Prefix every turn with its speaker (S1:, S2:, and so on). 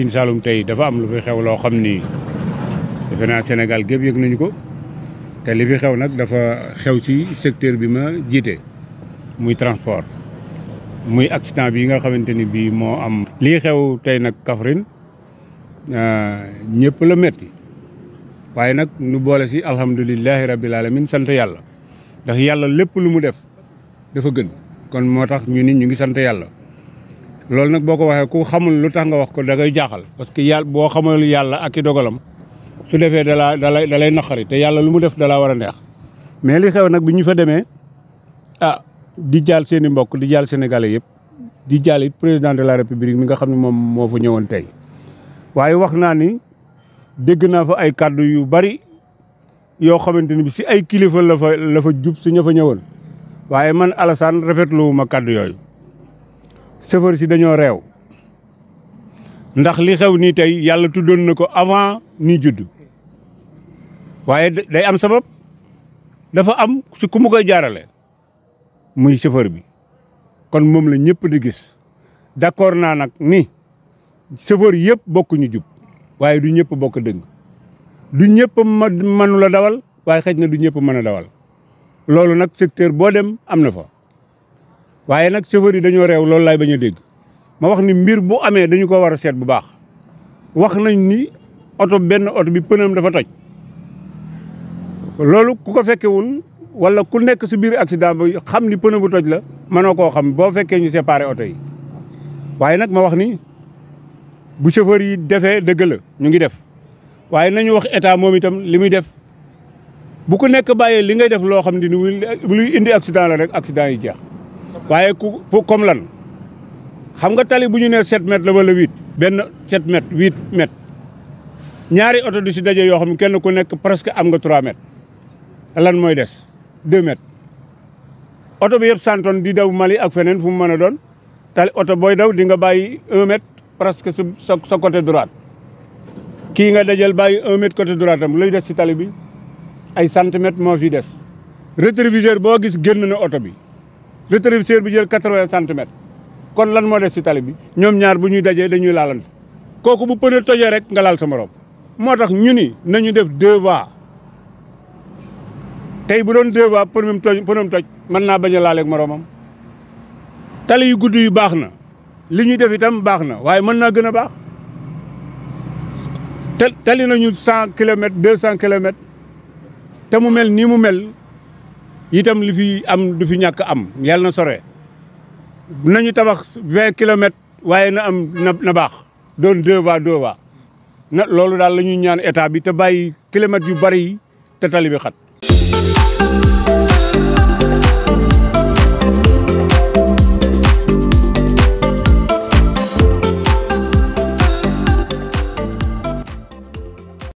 S1: Sine Saloum tey dafa am lu fi xew loo xam ni defe naa Sénégal gépp yëg nañu ko te li fi xew nag dafa xew ci secteur bi ma jiite muy transport muy accident bi nga xamante ni bii moo am. lii xew tey nag Kaffrine euh, ñëpp la metti waaye nag nu boole si alhamdulilahi rabbil alamin sant yàlla ndax yàlla lépp lu mu def dafa gën kon moo tax ñu ni ñu ngi sant yàlla. lol nak boko waxe ku xamul lutax nga wax ko da ngay jaaxal parce que yalla bo xamul yalla ak dogalam su defee dalaa dalay dalay naqari te yalla lu mu def a neex mais li xew nak biñu fa démé ah di jall seen i mbokk di jall sénégalais yépp di jall it président de la république mi nga xamni mom mo fa ñëwoon tay waye wax na ni dégg na fa ay cadeau yu bari yo xamanteni bi ci ay kilifa la fa la fa jup ñafa waye man Alassane ma cadeau sefer si dañoo réew ndax li xew ni tey yàlla tuddoon na ko avant ni judd waaye day am sabab dafa am si ku mu koy jaarale muy sefer bi kon moom la ñëpp di gis d'accord naa nag ni chauffeur yëpp ñu jub waaye du ñëpp bokk dëng du ñëpp manu la dawal waaye xëj na du ñëpp mën dawal loolu nag secteur boo dem am na fa waaye nag chauffeur yi dañoo réew loolu laay bañ a dégg ma wax ni mbir bu amee dañu ko war seet bu baax wax nañ ni oto benn oto bi pënam dafa toj loolu ku ko fekkewul wala ku nekk si biir accident bi xam ni pneu bu toj la mënoo koo xam boo fekkee ñu séparé oto yi waaye nag ma wax ni bu chauffeur yi defee dëgg la ñu ngi def waaye nañu wax état moom itam li muy def bu ku nekk bàyyee li nga def loo xam ni luy indi accident la rek accident yi jeex waaye ku comme lan xam nga tali bu ñu nee 7 mètres la wala 8 benn 7 mètres 8 mètres ñaari oto du si daje yoo xam ne kenn ku nekk presque am nga 3 mètres lan mooy des 2 mètres oto bi yëpp santoon di daw Mali ak feneen fu mu mën a doon tali oto booy daw di nga bàyyi 1 presque sa sa côté droite kii nga dajal bàyyi 1 mètre côté droite am lay des si tali bi ay centimètres moo fi des rétroviseur boo gis génn na oto bi. rétroviseur bi jël quatre-vingts kon lan moo def si tali bi ñoom ñaar bu ñuy dajee dañuy laalante kooku bu pneu tojee rek nga laal sa morom moo tax ñu ni nañu def deux voies tey bu doon deux voies pneu mu toj pneu mu toj naa bañ a laaleeg moromam tali yu gudd yu baax na li ñuy def itam baax na waaye mën naa gën a baax te tali nañu cent kilomètres deux cent kilomètres te mu mel nii mu mel itam li fi am du fi ñàkk am yàlla na sore nañu tabax vingt kilomètres waaye na am na baax doon deux voies na loolu daal la ñuy ñaan état bi te bàyyi kilomètres yu bari yi te tali xat